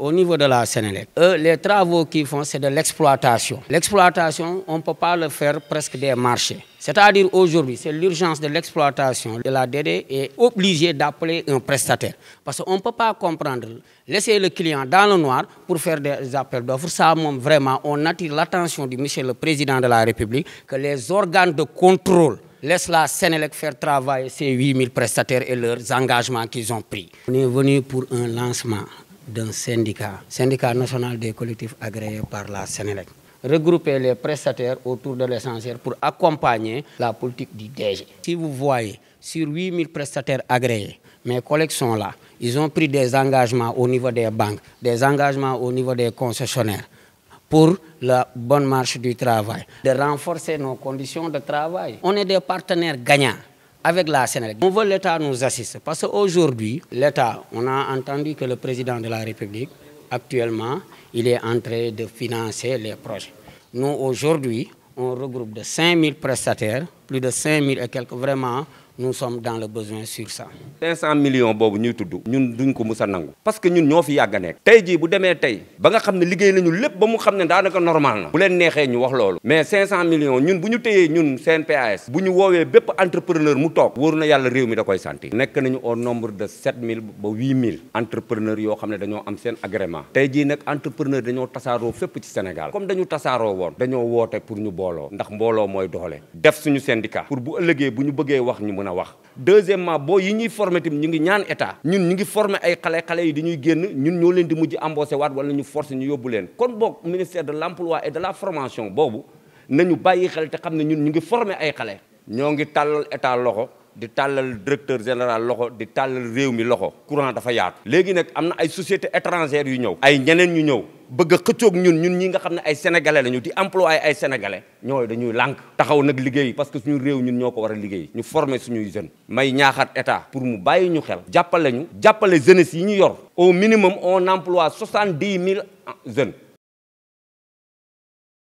Au niveau de la Sénélec, euh, les travaux qu'ils font, c'est de l'exploitation. L'exploitation, on ne peut pas le faire presque des marchés. C'est-à-dire aujourd'hui, c'est l'urgence de l'exploitation de la DD est obligée d'appeler un prestataire. Parce qu'on ne peut pas comprendre, laisser le client dans le noir pour faire des appels d'offres. Ça, vraiment, on attire l'attention du monsieur le Président de la République que les organes de contrôle laissent la Sénélec faire travailler ces 8000 prestataires et leurs engagements qu'ils ont pris. On est venu pour un lancement d'un syndicat, syndicat national des collectifs agréés par la Sénélec. Regrouper les prestataires autour de l'essentiel pour accompagner la politique du DG. Si vous voyez, sur 8000 prestataires agréés, mes collègues sont là. Ils ont pris des engagements au niveau des banques, des engagements au niveau des concessionnaires pour la bonne marche du travail, de renforcer nos conditions de travail. On est des partenaires gagnants avec la On veut l'État nous assiste parce qu'aujourd'hui, l'État, on a entendu que le président de la République, actuellement, il est en train de financer les projets. Nous, aujourd'hui, on regroupe de 000 prestataires, plus de 000 et quelques vraiment nous sommes dans le besoin sur ça. 500 millions bobu ñuy tuddu ñun duñ ko mus nangu. parce que ñun ñofi fi nek a nekk. bu démé tay ba nga xamné ne liggéey nañu lépp ba mu xamné da naka normal na. bu len nexé ñu wax lolu mais 500 millions ñun buñu téyé ñun CNPAS. buñu wowé bép entrepreneur mu tok wóor yalla réew mi da koy santi nek nañu au nombre de 7000 ba 8000. entrepreneur yo xamné ne dañoo am sen agrément. tey jii nag entrepreneur dañoo tassaro fépp ci Sénégal. comme dañu Tassaro, won dañoo woté pour ñu bolo ndax mbolo moy doole. def suñu syndicat. pour bu ëllëgee buñu bëggé wax ñu mën a wax deuxièmement boo yi ñuy formé tamit ñu ngi ñaan état ñun ñu ngi formé ay xale xale yi di ñuy génn ñun ñoo leen di mujj embauché waat wala ñu forcé ñu yóbbu leen kon boog ministère de l'emploi et de la formation boobu nañu bàyyi xel te xam ne ñun ñu ngi formé ay xale ñoo ngi tàllal état loxo di tàllal directeur général loxo di tàllal réew mi loxo courant dafa yaatu léegi nag am na ay société étrangères yu ñëw ay ñeneen ñu ñëw bëgg a xëccoog ñun ñun ñi nga xam ne ay sénégalais lañu di employé ay sénégalais ñooy dañuy lànk taxaw nag liggéey parce que suñu réew ñun ñoo ko war a liggéey ñu former suñuy jeunes may ñaaxaat état pour mu bàyyi ñu xel jàppale ñu jàppale jeunesse si ñu yor au minimum on emploie soixante-dix mille jeunes